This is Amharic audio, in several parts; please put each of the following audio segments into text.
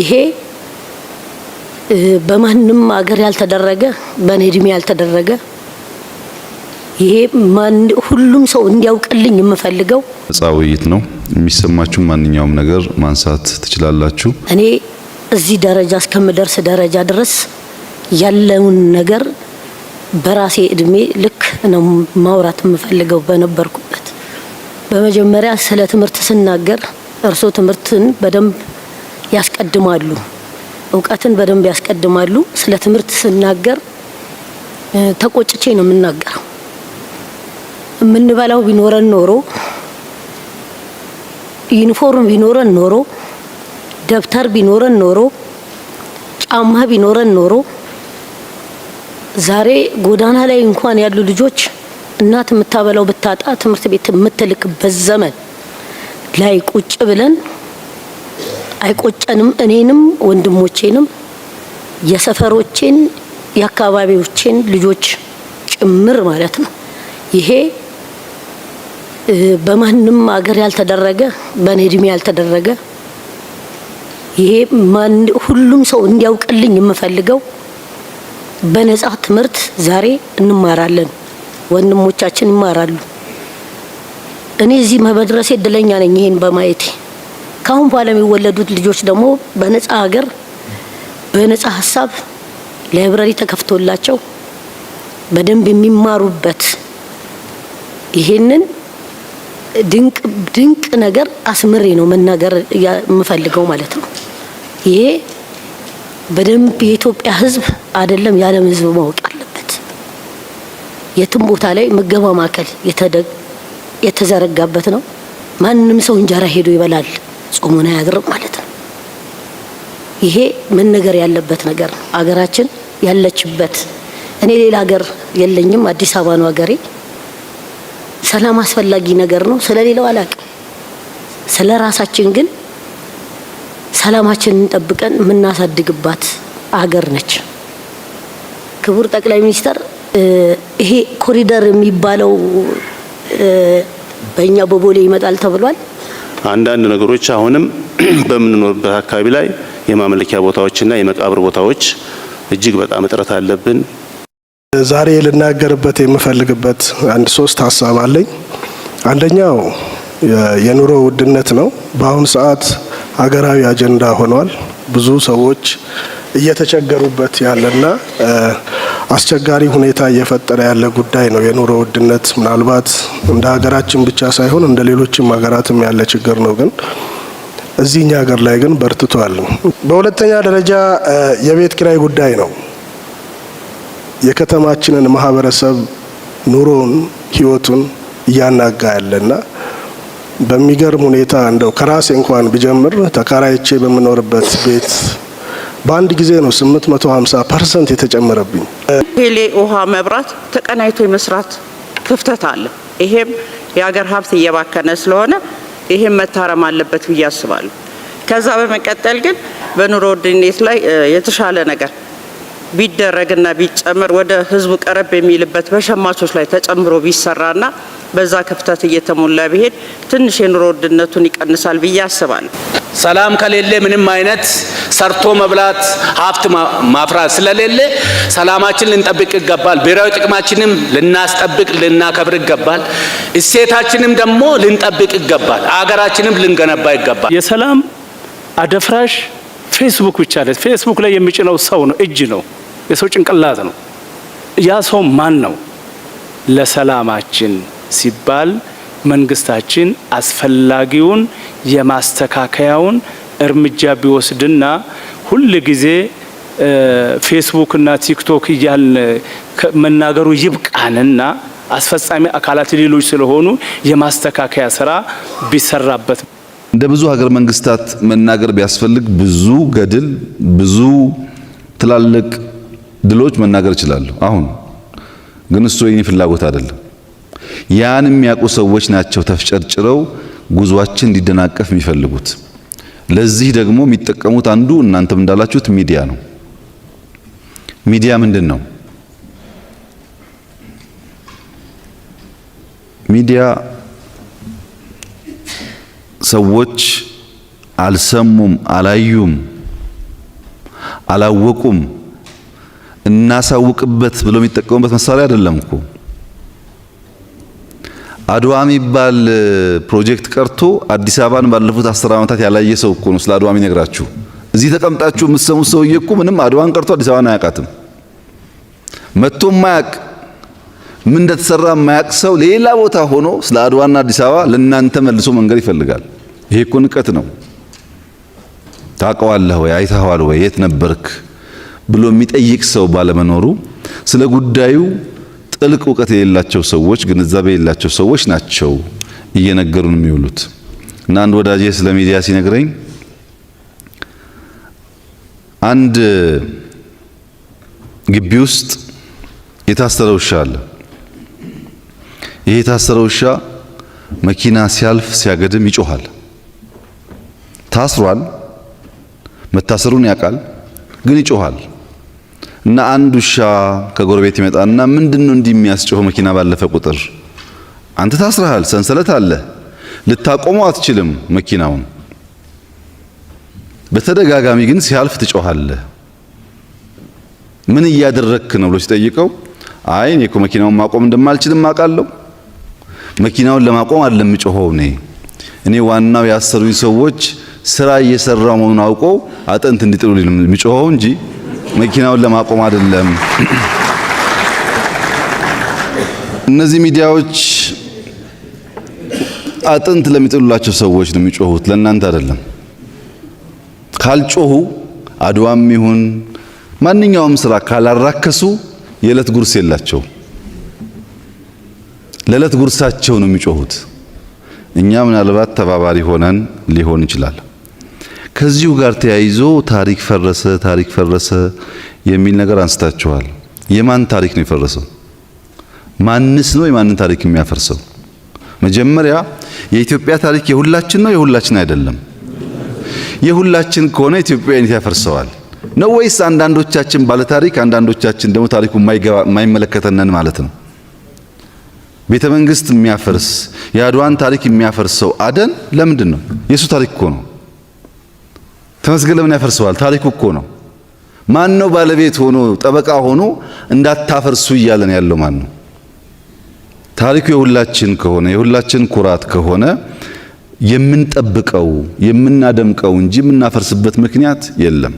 ይሄ በማንም አገር ያልተደረገ በእኔ እድሜ ያልተደረገ ይሄ ሁሉም ሰው እንዲያውቅልኝ የምፈልገው ነፃ ውይይት ነው። የሚሰማችሁ ማንኛውም ነገር ማንሳት ትችላላችሁ። እኔ እዚህ ደረጃ እስከምደርስ ደረጃ ድረስ ያለውን ነገር በራሴ እድሜ ልክ ነው ማውራት የምፈልገው በነበርኩበት። በመጀመሪያ ስለ ትምህርት ስናገር እርሶ ትምህርትን በደንብ ያስቀድማሉ፣ እውቀትን በደንብ ያስቀድማሉ። ስለ ትምህርት ስናገር ተቆጭቼ ነው የምናገረው። የምንበላው ቢኖረን ኖሮ ዩኒፎርም ቢኖረን ኖሮ ደብተር ቢኖረን ኖሮ ጫማ ቢኖረን ኖሮ ዛሬ ጎዳና ላይ እንኳን ያሉ ልጆች እናት የምታበላው ብታጣ ትምህርት ቤት የምትልክበት ዘመን ላይ ቁጭ ብለን አይቆጨንም። እኔንም ወንድሞቼንም የሰፈሮቼን የአካባቢዎቼን ልጆች ጭምር ማለት ነው። ይሄ በማንም አገር ያልተደረገ በእኔ እድሜ ያልተደረገ ይሄ ሁሉም ሰው እንዲያውቅልኝ የምፈልገው በነጻ ትምህርት ዛሬ እንማራለን፣ ወንድሞቻችን ይማራሉ። እኔ እዚህ መድረሴ እድለኛ ነኝ ይሄን በማየቴ ከአሁን በኋላ የሚወለዱት ልጆች ደግሞ በነፃ ሀገር በነፃ ሀሳብ ላይብረሪ ተከፍቶላቸው በደንብ የሚማሩበት ይሄንን ድንቅ ድንቅ ነገር አስምሬ ነው መናገር የምፈልገው ማለት ነው። ይሄ በደንብ የኢትዮጵያ ሕዝብ አይደለም የዓለም ሕዝብ ማወቅ አለበት። የትም ቦታ ላይ ምገባ ማዕከል የተዘረጋበት ነው። ማንም ሰው እንጀራ ሄዶ ይበላል። ጾሙን አያድርም ማለት ነው። ይሄ መነገር ያለበት ነገር ነው። አገራችን ያለችበት እኔ ሌላ ሀገር የለኝም፣ አዲስ አበባ ነው ሀገሬ። ሰላም አስፈላጊ ነገር ነው። ስለሌላው አላቅም። ስለ ራሳችን ግን ሰላማችንን ጠብቀን የምናሳድግባት አገር ነች። ክቡር ጠቅላይ ሚኒስተር ይሄ ኮሪደር የሚባለው በእኛ በቦሌ ይመጣል ተብሏል። አንዳንድ ነገሮች አሁንም በምንኖርበት አካባቢ ላይ የማምለኪያ ቦታዎችና የመቃብር ቦታዎች እጅግ በጣም እጥረት አለብን። ዛሬ ልናገርበት የምፈልግበት አንድ ሶስት ሀሳብ አለኝ። አንደኛው የኑሮ ውድነት ነው። በአሁኑ ሰዓት ሀገራዊ አጀንዳ ሆኗል። ብዙ ሰዎች እየተቸገሩበት ያለና አስቸጋሪ ሁኔታ እየፈጠረ ያለ ጉዳይ ነው። የኑሮ ውድነት ምናልባት እንደ ሀገራችን ብቻ ሳይሆን እንደ ሌሎችም ሀገራትም ያለ ችግር ነው ግን እዚህኛ ሀገር ላይ ግን በርትቷል። በሁለተኛ ደረጃ የቤት ኪራይ ጉዳይ ነው። የከተማችንን ማህበረሰብ ኑሮን ህይወቱን እያናጋ ያለና በሚገርም ሁኔታ እንደው ከራሴ እንኳን ብጀምር ተከራይቼ በምኖርበት ቤት በአንድ ጊዜ ነው 850 ፐርሰንት የተጨመረብኝ። ቴሌ፣ ውሃ፣ መብራት ተቀናይቶ የመስራት ክፍተት አለ። ይሄም የሀገር ሀብት እየባከነ ስለሆነ ይሄም መታረም አለበት ብዬ አስባለሁ። ከዛ በመቀጠል ግን በኑሮ ውድነት ላይ የተሻለ ነገር ቢደረግና ቢጨምር ወደ ህዝቡ ቀረብ የሚልበት በሸማቾች ላይ ተጨምሮ ቢሰራና በዛ ክፍተት እየተሞላ ቢሄድ ትንሽ የኑሮ ውድነቱን ይቀንሳል ብዬ አስባለሁ። ሰላም ከሌለ ምንም አይነት ሰርቶ መብላት ሀብት ማፍራት ስለሌለ ሰላማችን ልንጠብቅ ይገባል። ብሔራዊ ጥቅማችንም ልናስጠብቅ ልናከብር ይገባል። እሴታችንም ደግሞ ልንጠብቅ ይገባል። አገራችንም ልንገነባ ይገባል። የሰላም አደፍራሽ ፌስቡክ ብቻ ለ ፌስቡክ ላይ የሚጭነው ሰው ነው፣ እጅ ነው፣ የሰው ጭንቅላት ነው። ያ ሰው ማን ነው? ለሰላማችን ሲባል መንግስታችን አስፈላጊውን የማስተካከያውን እርምጃ ቢወስድና ሁል ጊዜ ፌስቡክና ቲክቶክ እያልን መናገሩ ይብቃንና አስፈጻሚ አካላት ሌሎች ስለሆኑ የማስተካከያ ስራ ቢሰራበት። እንደ ብዙ ሀገር መንግስታት መናገር ቢያስፈልግ ብዙ ገድል፣ ብዙ ትላልቅ ድሎች መናገር እችላለሁ። አሁን ግን እሱ የኔ ፍላጎት አይደለም። ያን የሚያውቁ ሰዎች ናቸው ተፍጨርጭረው ጉዟችን እንዲደናቀፍ የሚፈልጉት። ለዚህ ደግሞ የሚጠቀሙት አንዱ እናንተም እንዳላችሁት ሚዲያ ነው። ሚዲያ ምንድን ነው? ሚዲያ ሰዎች አልሰሙም፣ አላዩም፣ አላወቁም እናሳውቅበት ብለው የሚጠቀሙበት መሳሪያ አይደለም እኮ። አድዋ የሚባል ፕሮጀክት ቀርቶ አዲስ አበባን ባለፉት አስር ዓመታት ያላየ ሰው እኮ ነው ስለ አድዋ የሚነግራችሁ። እዚህ ተቀምጣችሁ የምትሰሙት ሰውዬ እኮ ምንም አድዋን ቀርቶ አዲስ አበባን አያውቃትም። መጥቶ ማያቅ ምን እንደተሰራ ማያቅ ሰው ሌላ ቦታ ሆኖ ስለ አድዋና አዲስ አበባ ለእናንተ መልሶ መንገድ ይፈልጋል። ይሄ እኮ ንቀት ነው። ታውቀዋለህ ወይ አይተኸዋል ወይ የት ነበርክ ብሎ የሚጠይቅ ሰው ባለመኖሩ ስለ ጉዳዩ ጥልቅ እውቀት የሌላቸው ሰዎች፣ ግንዛቤ የሌላቸው ሰዎች ናቸው እየነገሩን የሚውሉት እና አንድ ወዳጄ ስለ ሚዲያ ሲነግረኝ አንድ ግቢ ውስጥ የታሰረ ውሻ አለ። ይህ የታሰረ ውሻ መኪና ሲያልፍ ሲያገድም ይጮኋል ታስሯል፣ መታሰሩን ያውቃል፣ ግን ይጮኋል? እና አንድ ውሻ ከጎረቤት ይመጣና ምንድነው እንዲህ የሚያስጮኸው መኪና ባለፈ ቁጥር አንተ ታስረሃል፣ ሰንሰለት አለ፣ ልታቆመው አትችልም መኪናውን። በተደጋጋሚ ግን ሲያልፍ ትጮኻለህ። ምን እያደረክ ነው ብሎ ሲጠይቀው አይ እኔ እኮ መኪናውን ማቆም እንደማልችልም አውቃለሁ። መኪናውን ለማቆም አይደለም ጮኸው እኔ እኔ ዋናው ያሰሩኝ ሰዎች ስራ እየሰራ መሆኑን አውቆ አጥንት እንዲጥሉ ልምጮኸው እንጂ መኪናውን ለማቆም አይደለም። እነዚህ ሚዲያዎች አጥንት ለሚጥሉላቸው ሰዎች ነው የሚጮሁት፣ ለእናንተ አይደለም። ካልጮሁ አድዋም ይሁን ማንኛውም ስራ ካላራከሱ የዕለት ጉርስ የላቸው። ለዕለት ጉርሳቸው ነው የሚጮሁት። እኛ ምናልባት ተባባሪ ሆነን ሊሆን ይችላል። ከዚሁ ጋር ተያይዞ ታሪክ ፈረሰ ታሪክ ፈረሰ የሚል ነገር አንስታችኋል። የማን ታሪክ ነው የፈረሰው? ማንስ ነው የማንን ታሪክ የሚያፈርሰው? መጀመሪያ የኢትዮጵያ ታሪክ የሁላችን ነው የሁላችን አይደለም? የሁላችን ከሆነ ኢትዮጵያዊነት ያፈርሰዋል ነው ወይስ አንዳንዶቻችን ባለታሪክ አንዳንዶቻችን ደግሞ ታሪኩ የማይመለከተነን ማለት ነው? ቤተ መንግስት የሚያፈርስ የአድዋን ታሪክ የሚያፈርሰው አደን ለምንድን ነው? የእሱ ታሪክ እኮ ነው። ተመስገን ለምን ያፈርሰዋል? ታሪኩ እኮ ነው። ማን ነው ባለቤት ሆኖ ጠበቃ ሆኖ እንዳታፈርሱ እያለን ያለው ማን ነው? ታሪኩ የሁላችን ከሆነ የሁላችን ኩራት ከሆነ የምንጠብቀው የምናደምቀው እንጂ የምናፈርስበት ምክንያት የለም።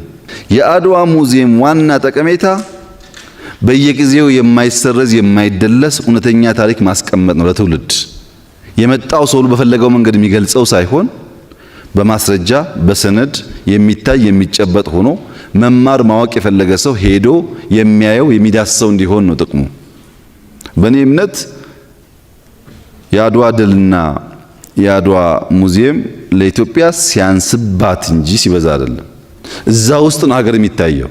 የአድዋ ሙዚየም ዋና ጠቀሜታ በየጊዜው የማይሰረዝ የማይደለስ እውነተኛ ታሪክ ማስቀመጥ ነው። ለትውልድ የመጣው ሰው በፈለገው መንገድ የሚገልጸው ሳይሆን በማስረጃ በሰነድ የሚታይ የሚጨበጥ ሆኖ መማር ማወቅ የፈለገ ሰው ሄዶ የሚያየው የሚዳስሰው እንዲሆን ነው ጥቅሙ። በእኔ እምነት የአድዋ ድልና የአድዋ ሙዚየም ለኢትዮጵያ ሲያንስባት እንጂ ሲበዛ አይደለም። እዛ ውስጥ ነው ሀገር የሚታየው።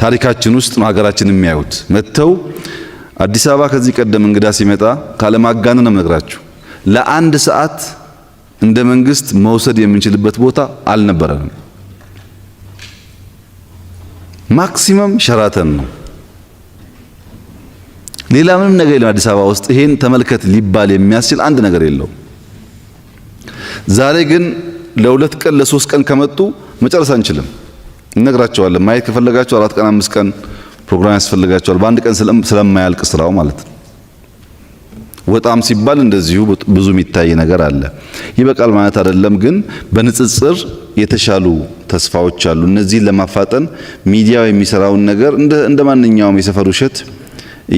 ታሪካችን ውስጥ ነው ሀገራችን የሚያዩት። መጥተው አዲስ አበባ ከዚህ ቀደም እንግዳ ሲመጣ ካለማጋነን ነው የምነግራችሁ ለአንድ ሰዓት እንደ መንግስት መውሰድ የምንችልበት ቦታ አልነበረንም። ማክሲመም ሸራተን ነው። ሌላ ምንም ነገር የለም። አዲስ አበባ ውስጥ ይሄን ተመልከት ሊባል የሚያስችል አንድ ነገር የለውም። ዛሬ ግን ለሁለት ቀን ለሶስት ቀን ከመጡ መጨረስ አንችልም። እነግራቸዋለን። ማየት ከፈለጋቸው አራት ቀን አምስት ቀን ፕሮግራም ያስፈልጋቸዋል። በአንድ ቀን ስለማያልቅ ስራው ማለት ነው። ወጣም ሲባል እንደዚሁ ብዙ የሚታይ ነገር አለ። ይበቃል ማለት አይደለም፣ ግን በንጽጽር የተሻሉ ተስፋዎች አሉ። እነዚህን ለማፋጠን ሚዲያው የሚሰራውን ነገር እንደ ማንኛውም የሰፈር ውሸት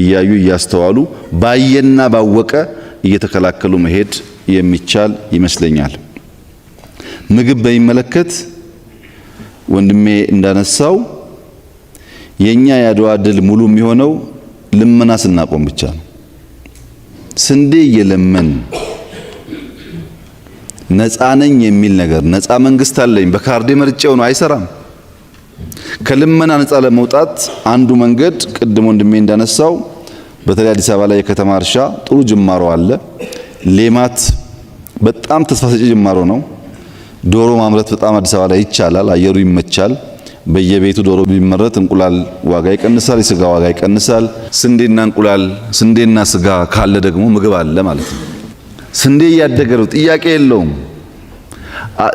እያዩ እያስተዋሉ ባየና ባወቀ እየተከላከሉ መሄድ የሚቻል ይመስለኛል። ምግብ በሚመለከት ወንድሜ እንዳነሳው የኛ የአድዋ ድል ሙሉ የሚሆነው ልመና ስናቆም ብቻ ነው። ስንዴ እየለመን ነፃ ነኝ የሚል ነገር ነፃ መንግስት አለኝ በካርዴ መርጬው ነው አይሰራም። ከልመና ነፃ ለመውጣት አንዱ መንገድ ቅድም ወንድሜ እንዳነሳው በተለይ አዲስ አበባ ላይ የከተማ እርሻ ጥሩ ጅማሮ አለ። ሌማት በጣም ተስፋ ሰጪ ጅማሮ ነው። ዶሮ ማምረት በጣም አዲስ አበባ ላይ ይቻላል። አየሩ ይመቻል። በየቤቱ ዶሮ ቢመረት እንቁላል ዋጋ ይቀንሳል፣ የስጋ ዋጋ ይቀንሳል። ስንዴና እንቁላል ስንዴና ስጋ ካለ ደግሞ ምግብ አለ ማለት ነው። ስንዴ እያደገ ነው፣ ጥያቄ የለውም።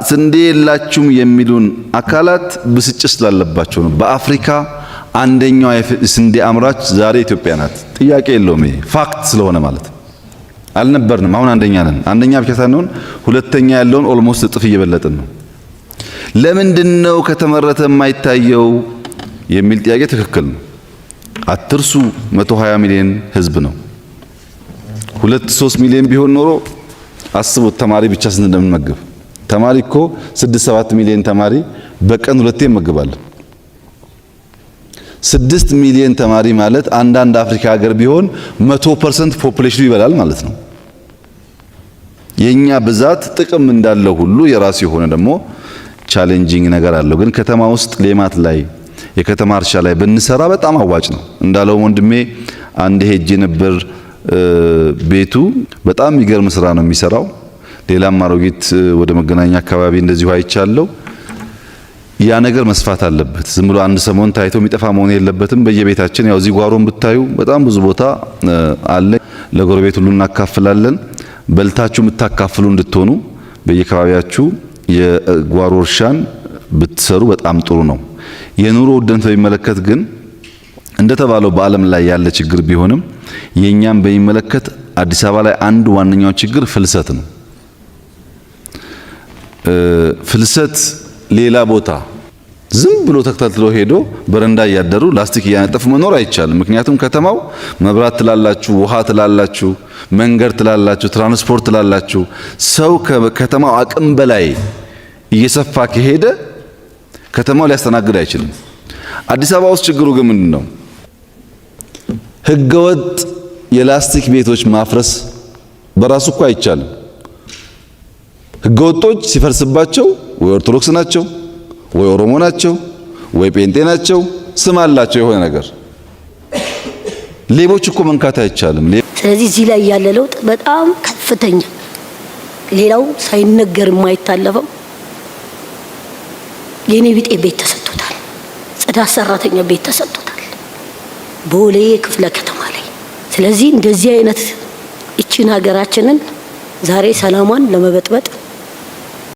ስንዴ የላችሁም የሚሉን አካላት ብስጭት ስላለባቸው ነው። በአፍሪካ አንደኛው የስንዴ አምራች ዛሬ ኢትዮጵያ ናት። ጥያቄ የለውም። ይሄ ፋክት ስለሆነ ማለት አልነበርንም። አሁን አንደኛ ነን። አንደኛ ብቻ ሳንሆን ሁለተኛ ያለውን ኦልሞስት እጥፍ እየበለጥን ነው። ለምንድን ነው ከተመረተ የማይታየው የሚል ጥያቄ ትክክል ነው። አትርሱ፣ 120 ሚሊዮን ህዝብ ነው። ሁለት ሶስት ሚሊዮን ቢሆን ኖሮ አስቡት፣ ተማሪ ብቻ ስንት እንደምንመግብ። ተማሪ እኮ 6 7 ሚሊዮን ተማሪ በቀን ሁለቴ እንመግባለን። ስድስት ሚሊዮን ተማሪ ማለት አንዳንድ አፍሪካ ሀገር ቢሆን 100% ፖፑሌሽኑ ይበላል ማለት ነው። የኛ ብዛት ጥቅም እንዳለው ሁሉ የራሱ የሆነ ደግሞ ቻሌንጂንግ ነገር አለው። ግን ከተማ ውስጥ ሌማት ላይ የከተማ እርሻ ላይ ብንሰራ በጣም አዋጭ ነው። እንዳለው ወንድሜ አንድ ሄጄ ነበር። ቤቱ በጣም የሚገርም ስራ ነው የሚሰራው። ሌላም አሮጊት ወደ መገናኛ አካባቢ እንደዚሁ አይቻለው። ያ ነገር መስፋት አለበት። ዝም ብሎ አንድ ሰሞን ታይቶ የሚጠፋ መሆን የለበትም። በየቤታችን ያው እዚህ ጓሮን ብታዩ በጣም ብዙ ቦታ አለ። ለጎረቤት ሁሉ እናካፍላለን። በልታችሁ የምታካፍሉ እንድትሆኑ በየአካባቢያችሁ የጓሮ እርሻን ብትሰሩ በጣም ጥሩ ነው። የኑሮ ውድነት በሚመለከት ግን እንደተባለው በዓለም ላይ ያለ ችግር ቢሆንም የእኛም በሚመለከት አዲስ አበባ ላይ አንድ ዋነኛው ችግር ፍልሰት ነው። ፍልሰት ሌላ ቦታ ዝም ብሎ ተከታትሎ ሄዶ በረንዳ እያደሩ ላስቲክ እያነጠፉ መኖር አይቻልም። ምክንያቱም ከተማው መብራት ትላላችሁ፣ ውሃ ትላላችሁ፣ መንገድ ትላላችሁ፣ ትራንስፖርት ትላላችሁ። ሰው ከከተማው አቅም በላይ እየሰፋ ከሄደ ከተማው ሊያስተናግድ አይችልም። አዲስ አበባ ውስጥ ችግሩ ግን ምንድን ነው? ህገወጥ የላስቲክ ቤቶች ማፍረስ በራሱ እኮ አይቻልም። ህገወጦች ሲፈርስባቸው ወይ ኦርቶዶክስ ናቸው ወይ ኦሮሞ ናቸው ወይ ጴንጤ ናቸው፣ ስም አላቸው የሆነ ነገር። ሌቦች እኮ መንካት አይቻልም። ስለዚህ እዚህ ላይ ያለ ለውጥ በጣም ከፍተኛ፣ ሌላው ሳይነገር የማይታለፈው የኔ ቢጤ ቤት ተሰጥቶታል። ጽዳት ሰራተኛ ቤት ተሰጥቶታል ቦሌ ክፍለ ከተማ ላይ። ስለዚህ እንደዚህ አይነት እቺን ሀገራችንን ዛሬ ሰላሟን ለመበጥበጥ